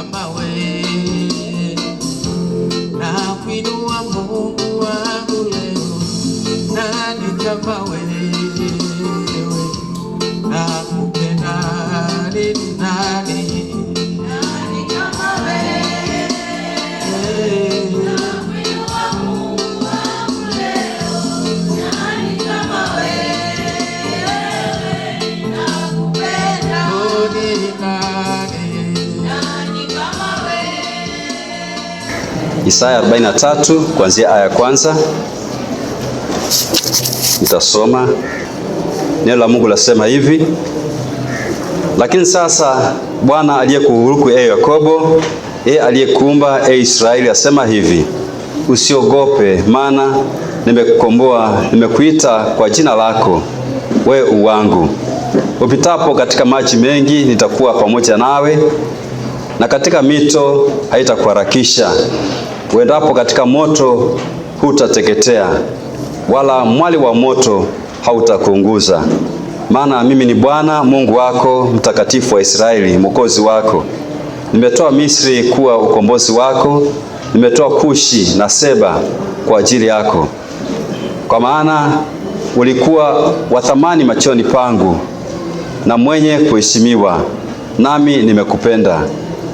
on my way. Isaya 43 kuanzia aya ya kwanza nitasoma. Neno la Mungu lasema hivi: lakini sasa Bwana aliyekuhuruku, e Yakobo, e aliyekuumba, e Israeli, asema hivi, usiogope, maana nimekukomboa, nimekuita kwa jina lako, we uwangu. Upitapo katika maji mengi, nitakuwa pamoja nawe, na katika mito haitakuharakisha uendapo katika moto hutateketea, wala mwali wa moto hautakuunguza. Maana mimi ni Bwana Mungu wako, mtakatifu wa Israeli, mwokozi wako. Nimetoa Misri kuwa ukombozi wako, nimetoa Kushi na Seba kwa ajili yako, kwa maana ulikuwa wa thamani machoni pangu na mwenye kuheshimiwa, nami nimekupenda.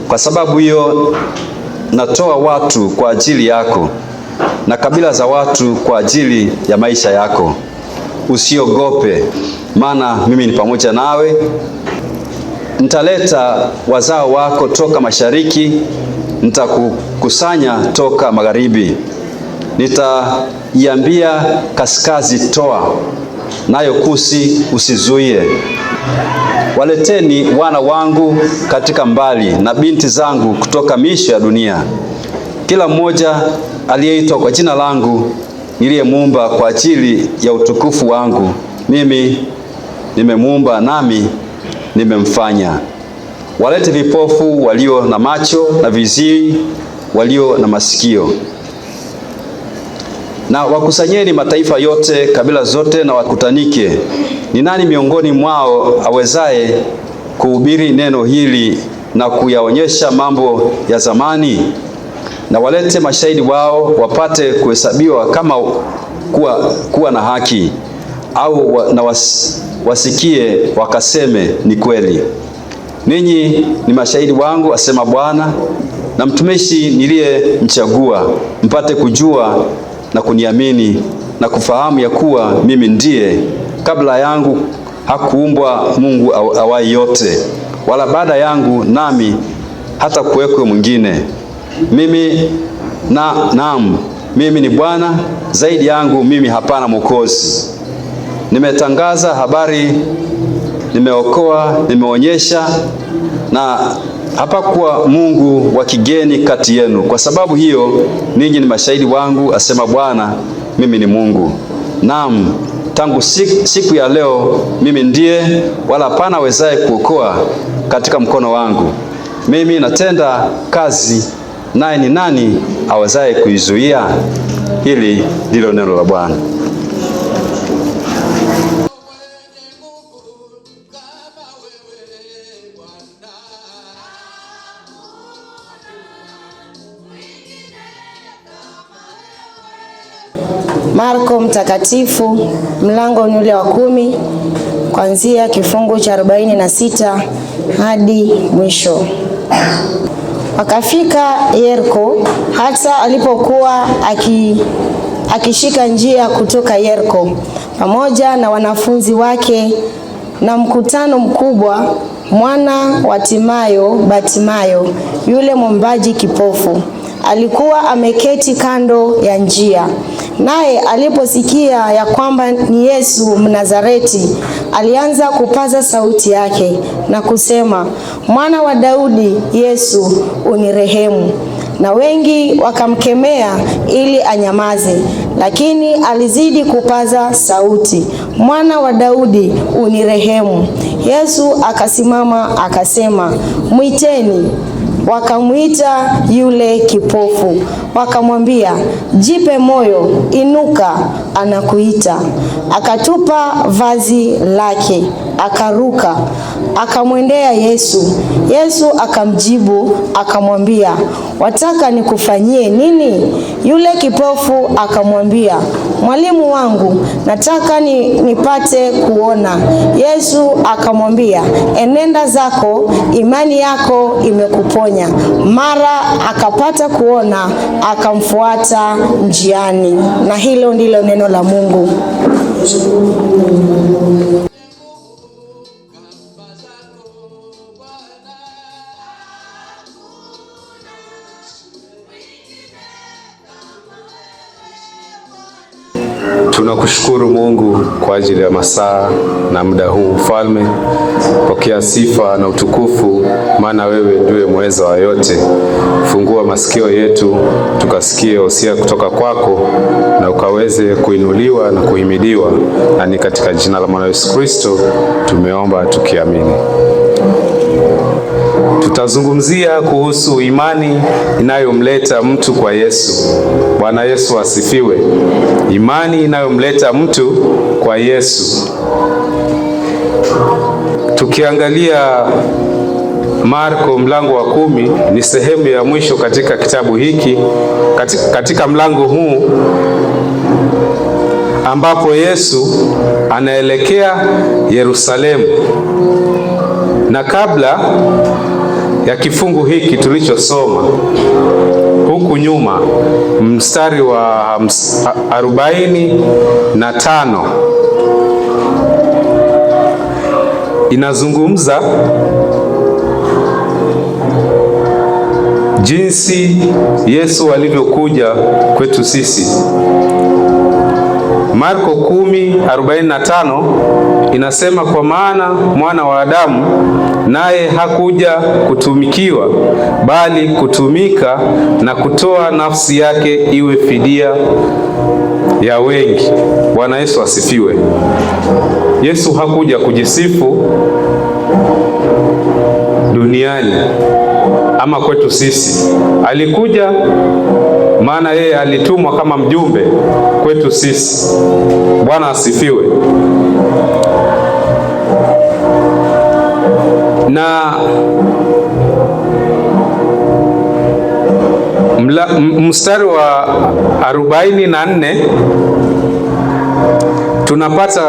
Kwa sababu hiyo natoa watu kwa ajili yako na kabila za watu kwa ajili ya maisha yako. Usiogope, maana mimi ni pamoja nawe. Nitaleta wazao wako toka mashariki, nitakukusanya toka magharibi. Nitaiambia kaskazi, toa, nayo kusi usizuie. Waleteni wana wangu katika mbali na binti zangu kutoka miisho ya dunia, kila mmoja aliyeitwa kwa jina langu niliyemuumba kwa ajili ya utukufu wangu. Mimi nimemuumba nami nimemfanya. Walete vipofu walio na macho na viziwi walio na masikio na wakusanyeni mataifa yote, kabila zote, na wakutanike. Ni nani miongoni mwao awezaye kuhubiri neno hili na kuyaonyesha mambo ya zamani? Na walete mashahidi wao, wapate kuhesabiwa kama kuwa, kuwa na haki au wa, na was, wasikie wakaseme ni kweli. Ninyi ni mashahidi wangu, asema Bwana, na mtumishi niliyemchagua, mpate kujua na kuniamini na kufahamu ya kuwa mimi ndiye. Kabla yangu hakuumbwa Mungu awaye yote, wala baada yangu nami hata kuwekwe mwingine. Mimi na naam, mimi ni Bwana, zaidi yangu mimi hapana mwokozi. Nimetangaza habari, nimeokoa, nimeonyesha na hapakuwa Mungu wa kigeni kati yenu. Kwa sababu hiyo ninyi ni mashahidi wangu, asema Bwana, mimi ni Mungu. Naam, tangu siku, siku ya leo mimi ndiye, wala hapana awezaye kuokoa katika mkono wangu. Mimi natenda kazi, naye ni nani awezaye kuizuia? Hili ndilo neno la Bwana. Marko mtakatifu mlango ni ule wa kumi kuanzia kifungu cha arobaini na sita hadi mwisho. Wakafika Yeriko, hata alipokuwa aki, akishika njia kutoka Yeriko pamoja na wanafunzi wake na mkutano mkubwa, mwana wa Timayo Batimayo, yule mwombaji kipofu, alikuwa ameketi kando ya njia. Naye aliposikia ya kwamba ni Yesu Mnazareti, alianza kupaza sauti yake na kusema, Mwana wa Daudi, Yesu unirehemu. Na wengi wakamkemea ili anyamaze, lakini alizidi kupaza sauti, Mwana wa Daudi, unirehemu. Yesu akasimama akasema, mwiteni. Wakamwita yule kipofu, wakamwambia, jipe moyo, inuka, anakuita. Akatupa vazi lake, akaruka akamwendea Yesu. Yesu akamjibu akamwambia, wataka nikufanyie nini? Yule kipofu akamwambia, mwalimu wangu, nataka ni, nipate kuona. Yesu akamwambia, enenda zako, imani yako imekuponya. Mara akapata kuona, akamfuata njiani. Na hilo ndilo neno la Mungu. Tunakushukuru Mungu kwa ajili ya masaa na muda huu. Mfalme, pokea sifa na utukufu, maana wewe ndiwe mweza wa yote. Fungua masikio yetu tukasikie usia kutoka kwako, na ukaweze kuinuliwa na kuhimidiwa, na ni katika jina la mwana Yesu Kristo tumeomba tukiamini. Tunazungumzia kuhusu imani inayomleta mtu kwa Yesu. Bwana Yesu asifiwe. Imani inayomleta mtu kwa Yesu. Tukiangalia Marko mlango wa kumi ni sehemu ya mwisho katika kitabu hiki, katika, katika mlango huu ambapo Yesu anaelekea Yerusalemu na kabla ya kifungu hiki tulichosoma huku nyuma, mstari wa arobaini na tano inazungumza jinsi Yesu alivyokuja kwetu sisi. Marko 10:45 inasema, kwa maana mwana wa Adamu naye hakuja kutumikiwa, bali kutumika na kutoa nafsi yake iwe fidia ya wengi. Bwana Yesu asifiwe. Yesu hakuja kujisifu duniani ama kwetu sisi. Alikuja maana yeye alitumwa kama mjumbe kwetu sisi. Bwana asifiwe. Na mla, mstari wa arobaini na nne tunapata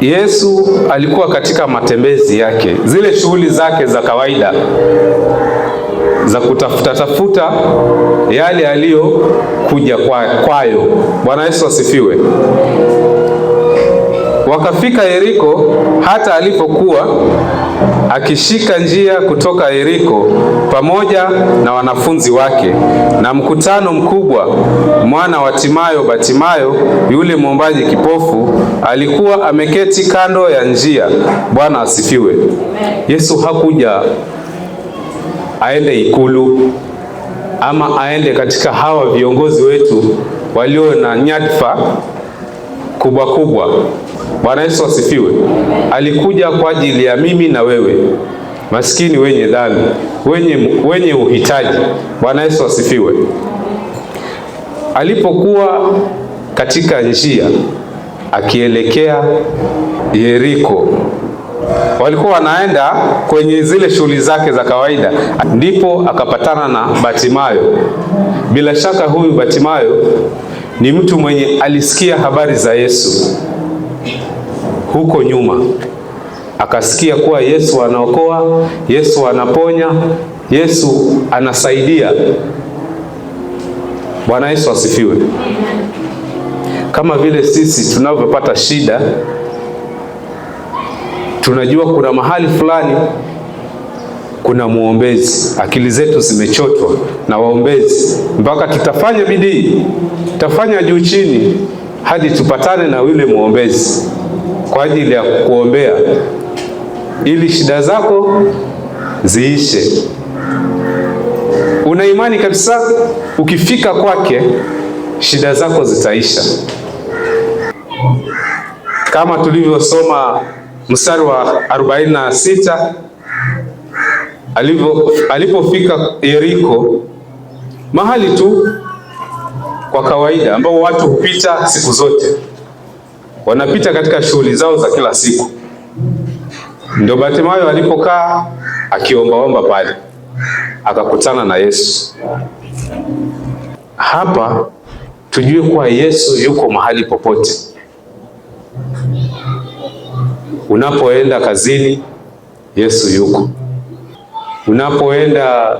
Yesu alikuwa katika matembezi yake, zile shughuli zake za kawaida za kutafuta tafuta yale aliyokuja kwa, kwayo. Bwana Yesu asifiwe. Wakafika Yeriko, hata alipokuwa akishika njia kutoka Yeriko pamoja na wanafunzi wake na mkutano mkubwa. Mwana wa Timayo Batimayo, yule mwombaji kipofu, alikuwa ameketi kando ya njia. Bwana asifiwe. Yesu hakuja aende ikulu ama aende katika hawa viongozi wetu walio na nyadfa kubwa kubwa Bwana Yesu asifiwe. Alikuja kwa ajili ya mimi na wewe, maskini, wenye dhambi, wenye, wenye uhitaji. Bwana Yesu asifiwe. Alipokuwa katika njia akielekea Yeriko, walikuwa wanaenda kwenye zile shughuli zake za kawaida, ndipo akapatana na Batimayo. Bila shaka huyu Batimayo ni mtu mwenye alisikia habari za Yesu huko nyuma akasikia kuwa Yesu anaokoa, Yesu anaponya, Yesu anasaidia. Bwana Yesu asifiwe. Kama vile sisi tunavyopata shida, tunajua kuna mahali fulani kuna mwombezi. Akili zetu zimechotwa na waombezi, mpaka tutafanya bidii, tutafanya juu chini hadi tupatane na yule mwombezi kwa ajili ya kukuombea ili shida zako ziishe. Una imani kabisa ukifika kwake shida zako zitaisha, kama tulivyosoma mstari wa 46 alipofika Yeriko mahali tu kwa kawaida ambao watu hupita siku zote, wanapita katika shughuli zao za kila siku. Ndio Bartimayo alipokaa akiombaomba pale akakutana na Yesu. Hapa tujue kuwa Yesu yuko mahali popote, unapoenda kazini, Yesu yuko unapoenda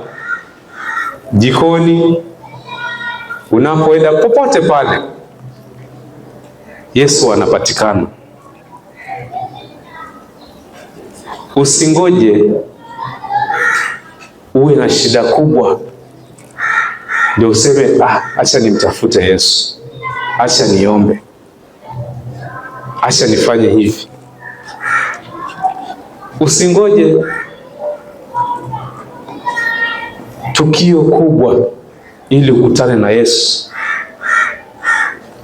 jikoni Unapoenda popote pale, Yesu anapatikana. Usingoje uwe na shida kubwa ndio useme ah, acha nimtafute Yesu, acha niombe, acha nifanye hivi. Usingoje tukio kubwa ili ukutane na Yesu.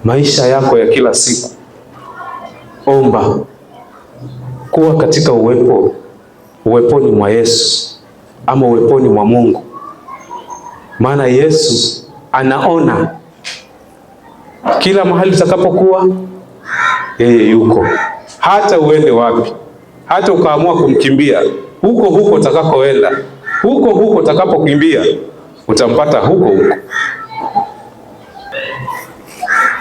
Maisha yako ya kila siku, omba kuwa katika uwepo uweponi mwa Yesu ama uweponi mwa Mungu, maana Yesu anaona kila mahali utakapokuwa, yeye yuko. Hata uende wapi, hata ukaamua kumkimbia, huko huko utakakoenda, huko huko utakapokimbia utampata huko huko.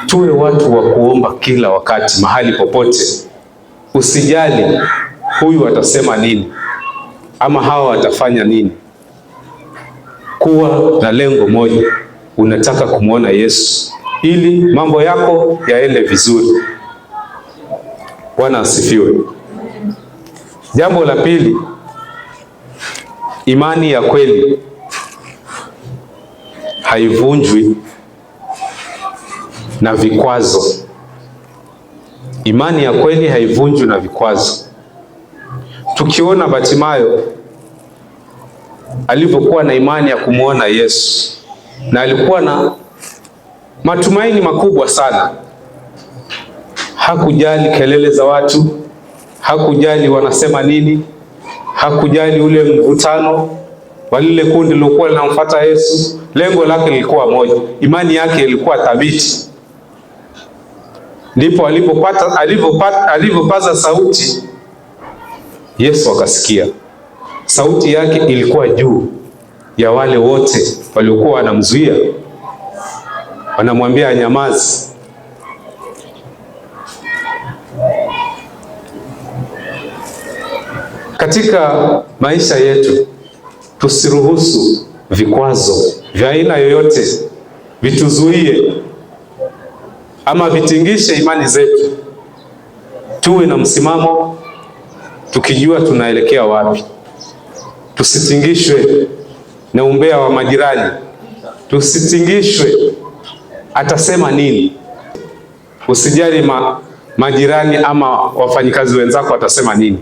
Tuwe watu wa kuomba kila wakati, mahali popote. Usijali huyu atasema nini ama hawa watafanya nini. Kuwa na lengo moja, unataka kumwona Yesu ili mambo yako yaende vizuri. Bwana asifiwe. Jambo la pili, imani ya kweli haivunjwi na vikwazo. Imani ya kweli haivunjwi na vikwazo. Tukiona Batimayo alivyokuwa na imani ya kumwona Yesu, na alikuwa na matumaini makubwa sana. Hakujali kelele za watu, hakujali wanasema nini, hakujali ule mvutano wa lile kundi lilokuwa linamfuata Yesu, lengo lake lilikuwa moja, imani yake ilikuwa thabiti. Ndipo alipopata alivyopaza sauti, Yesu akasikia. Sauti yake ilikuwa juu ya wale wote waliokuwa wanamzuia, wanamwambia anyamazi. Katika maisha yetu Tusiruhusu vikwazo vya aina yoyote vituzuie ama vitingishe imani zetu. Tuwe na msimamo tukijua tunaelekea wapi. Tusitingishwe na umbea wa majirani, tusitingishwe atasema nini. Usijali ma, majirani ama wafanyikazi wenzako watasema nini.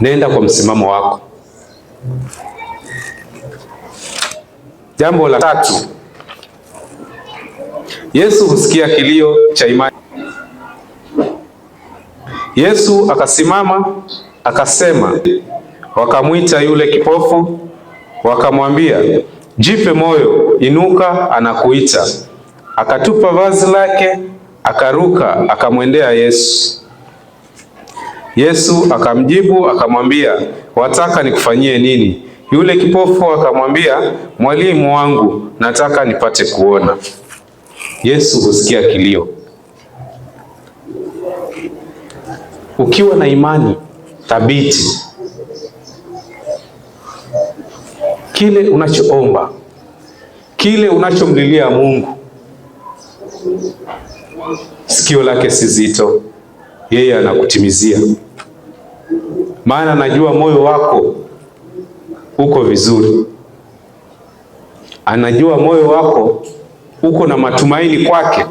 Nenda kwa msimamo wako. Jambo la tatu, Yesu husikia kilio cha imani. Yesu akasimama akasema, wakamwita yule kipofu wakamwambia, jipe moyo, inuka, anakuita. Akatupa vazi lake akaruka akamwendea Yesu. Yesu akamjibu akamwambia wataka nikufanyie nini? Yule kipofu akamwambia, mwalimu wangu, nataka nipate kuona. Yesu husikia kilio. Ukiwa na imani thabiti, kile unachoomba, kile unachomlilia Mungu, sikio lake si zito, yeye anakutimizia maana anajua moyo wako uko vizuri, anajua moyo wako uko na matumaini kwake.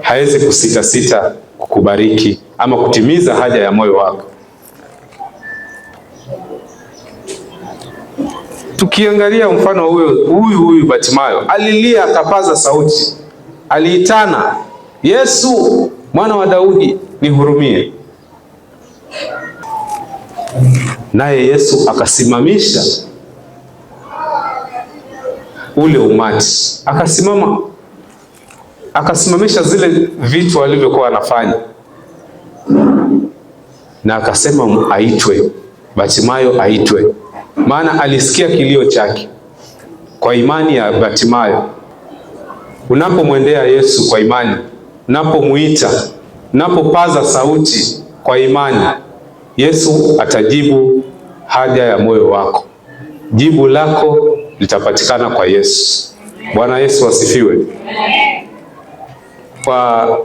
Hawezi kusitasita kukubariki ama kutimiza haja ya moyo wako. Tukiangalia mfano huyo huyu huyu Batimayo alilia, akapaza sauti, aliitana, Yesu mwana wa Daudi, nihurumie. naye Yesu akasimamisha ule umati, akasimama akasimamisha zile vitu alivyokuwa anafanya, na akasema aitwe Batimayo, aitwe. Maana alisikia kilio chake kwa imani ya Batimayo. Unapomwendea Yesu kwa imani, unapomuita, unapopaza sauti kwa imani Yesu atajibu haja ya moyo wako. Jibu lako litapatikana kwa Yesu. Bwana Yesu asifiwe. Kwa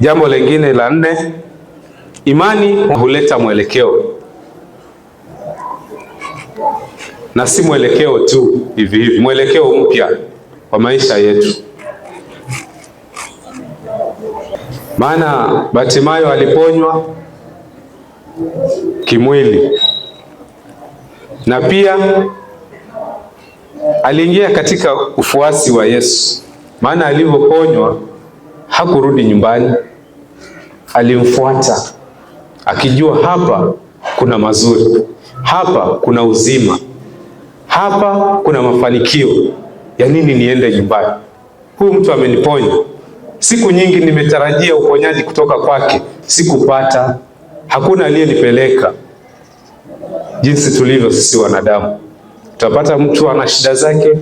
jambo lingine la nne, imani huleta mwelekeo na si mwelekeo tu hivi hivi, mwelekeo mpya wa maisha yetu. Maana Batimayo aliponywa kimwili, na pia aliingia katika ufuasi wa Yesu, maana alivyoponywa hakurudi nyumbani, alimfuata akijua hapa kuna mazuri, hapa kuna uzima, hapa kuna mafanikio. Ya nini niende nyumbani? Huyu mtu ameniponya. Siku nyingi nimetarajia uponyaji kutoka kwake, sikupata hakuna aliyenipeleka. Jinsi tulivyo sisi wanadamu, utapata mtu ana shida zake,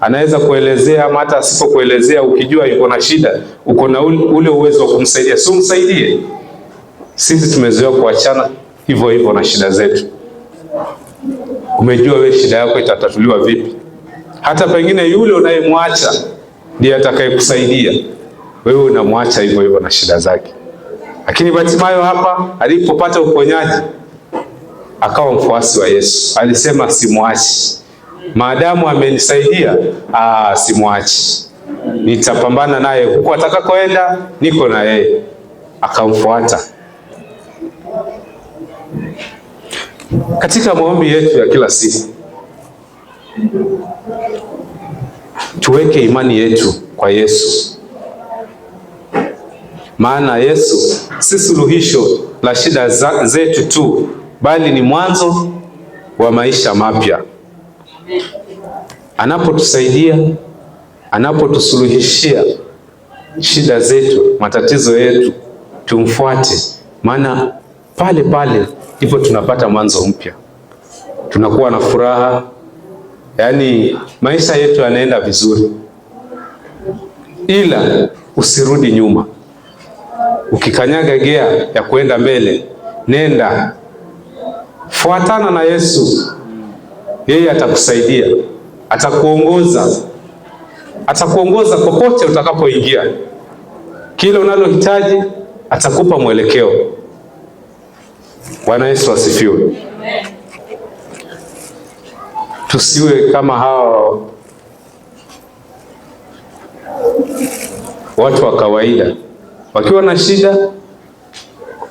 anaweza kuelezea ama hata asipokuelezea, ukijua yuko na shida, uko na ule uwezo wa kumsaidia, si umsaidie. Sisi tumezoea kuachana hivyo hivyo na shida zetu. Umejua we shida yako itatatuliwa vipi? Hata pengine yule unayemwacha ndiye atakayekusaidia wewe, unamwacha hivyo hivyo na shida zake. Lakini Batimayo hapa alipopata uponyaji akawa mfuasi wa Yesu. Alisema simwachi, maadamu amenisaidia, ah, simwachi, nitapambana naye huko atakakoenda, niko na yeye. Akamfuata. Katika maombi yetu ya kila siku tuweke imani yetu kwa Yesu maana Yesu si suluhisho la shida za, zetu tu bali ni mwanzo wa maisha mapya. Anapotusaidia, anapotusuluhishia shida zetu, matatizo yetu, tumfuate, maana pale pale ndipo tunapata mwanzo mpya, tunakuwa na furaha, yaani maisha yetu yanaenda vizuri, ila usirudi nyuma. Ukikanyaga gea ya kuenda mbele, nenda fuatana na Yesu. Yeye atakusaidia, atakuongoza, atakuongoza popote utakapoingia. Kila unalohitaji atakupa mwelekeo. Bwana Yesu asifiwe. Tusiwe kama hao watu wa kawaida wakiwa na shida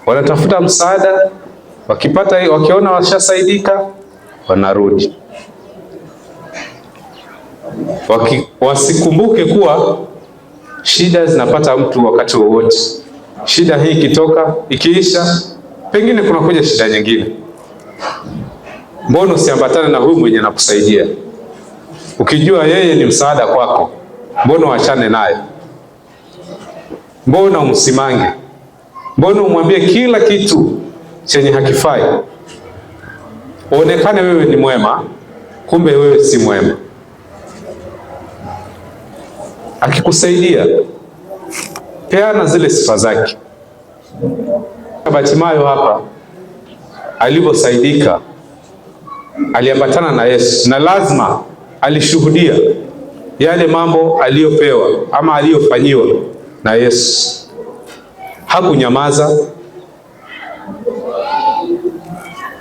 wanatafuta msaada, wakipata, wakiona washasaidika wanarudi, waki, wasikumbuke kuwa shida zinapata mtu wakati wowote. Shida hii ikitoka, ikiisha, pengine kunakuja shida nyingine. Mbona usiambatane na huyu mwenye nakusaidia? Ukijua yeye ni msaada kwako, mbona uachane naye? Mbona umsimange? Mbona umwambie kila kitu chenye hakifai? Uonekane wewe ni mwema, kumbe wewe si mwema. Akikusaidia peana zile sifa zake. Bartimayo hapa alivyosaidika, aliambatana na Yesu na lazima alishuhudia yale mambo aliyopewa ama aliyofanyiwa na Yesu hakunyamaza.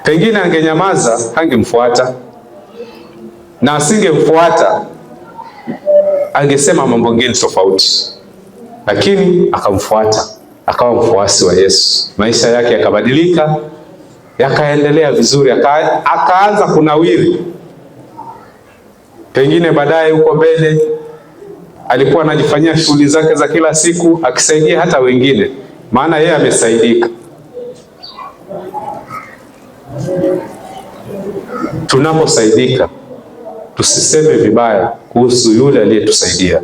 Pengine angenyamaza angemfuata, na asingemfuata angesema mambo mengine tofauti, lakini akamfuata, akawa mfuasi wa Yesu. Maisha yake yakabadilika, yakaendelea vizuri, akaanza kunawiri. Pengine baadaye huko mbele alikuwa anajifanyia shughuli zake za kila siku akisaidia hata wengine, maana yeye amesaidika. Tunaposaidika tusiseme vibaya kuhusu yule aliyetusaidia.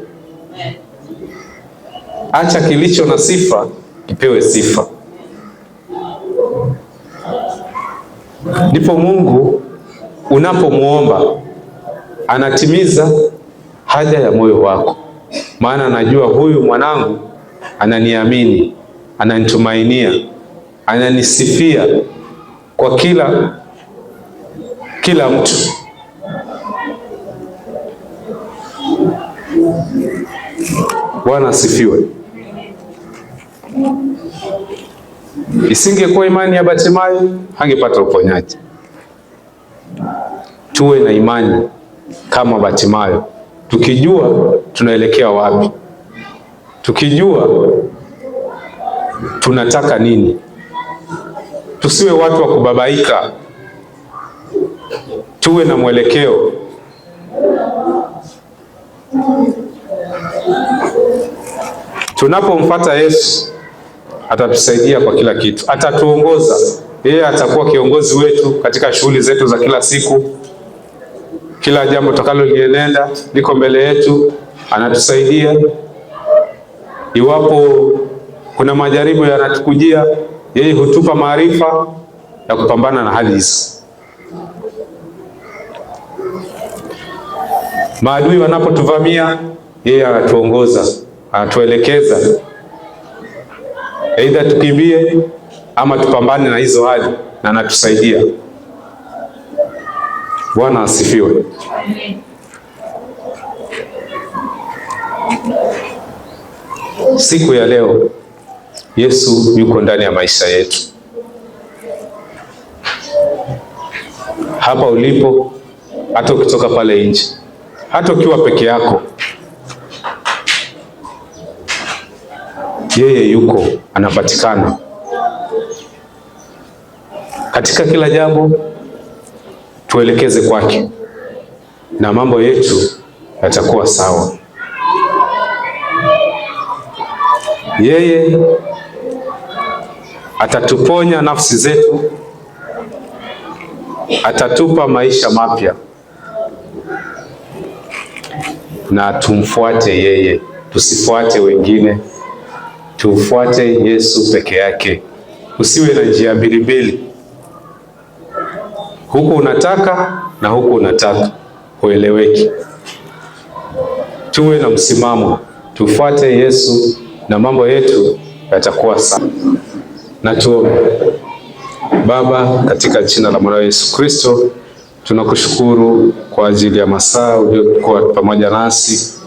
Acha kilicho na sifa kipewe sifa. Ndipo Mungu unapomwomba anatimiza haja ya moyo wako maana najua huyu mwanangu ananiamini, ananitumainia, ananisifia kwa kila kila mtu. Bwana asifiwe. Isingekuwa imani ya Batimayo hangepata uponyaji. Tuwe na imani kama Batimayo tukijua tunaelekea wapi, tukijua tunataka nini. Tusiwe watu wa kubabaika, tuwe na mwelekeo. Tunapomfata Yesu atatusaidia kwa kila kitu, atatuongoza yeye, atakuwa kiongozi wetu katika shughuli zetu za kila siku. Kila jambo takalolienenda liko mbele yetu, anatusaidia. Iwapo kuna majaribu yanatukujia, yeye hutupa maarifa ya kupambana na hali hizi. Maadui wanapotuvamia, yeye anatuongoza, anatuelekeza aidha tukimbie ama tupambane na hizo hali, na anatusaidia. Bwana asifiwe. Siku ya leo Yesu yuko ndani ya maisha yetu. Hapa ulipo, hata ukitoka pale nje, hata ukiwa peke yako, yeye yuko, anapatikana katika kila jambo tuelekeze kwake na mambo yetu yatakuwa sawa. Yeye atatuponya nafsi zetu, atatupa maisha mapya, na tumfuate yeye, tusifuate wengine, tumfuate Yesu peke yake. Usiwe na njia mbilimbili huku unataka na huku unataka, hueleweki. Tuwe na msimamo, tufuate Yesu na mambo yetu yatakuwa sawa. Na tuombe. Baba, katika jina la mwanao Yesu Kristo, tunakushukuru kwa ajili ya masaa uliokuwa pamoja nasi.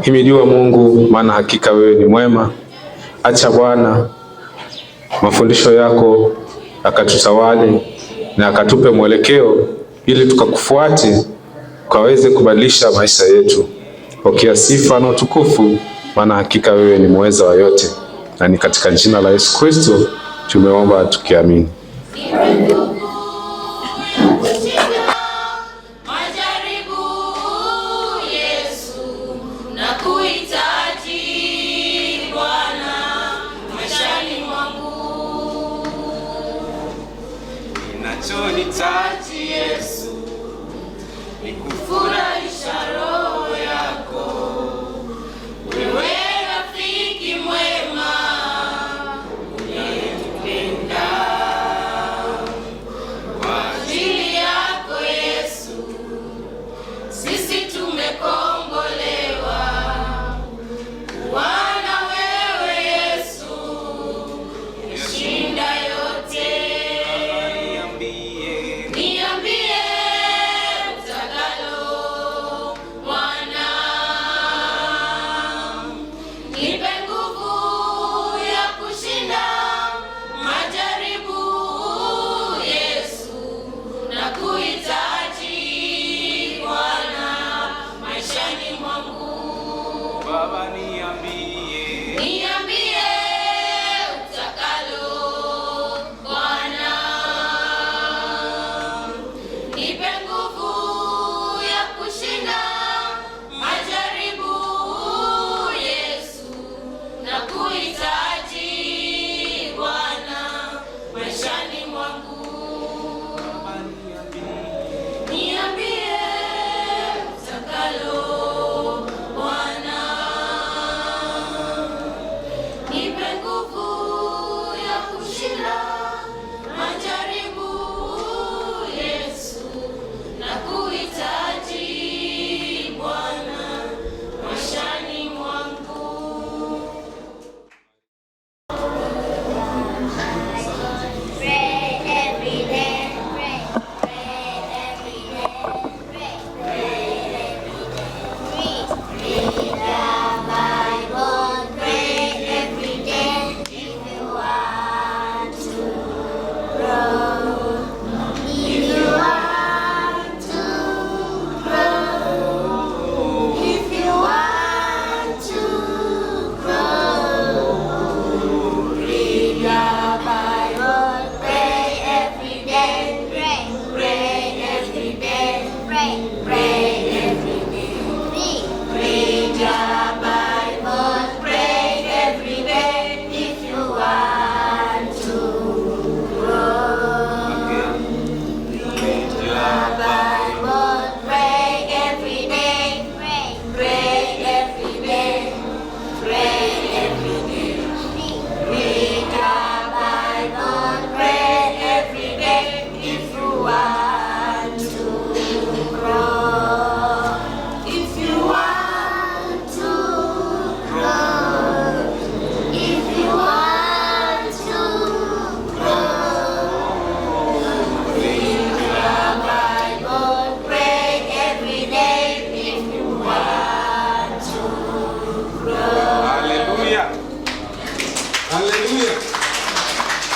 Himidiwa Mungu, maana hakika wewe ni mwema. Acha Bwana mafundisho yako akatutawale na akatupe mwelekeo ili tukakufuate ukaweze kubadilisha maisha yetu. Pokea sifa na utukufu, maana hakika wewe ni muweza wa yote, na ni katika jina la Yesu Kristo tumeomba tukiamini. time.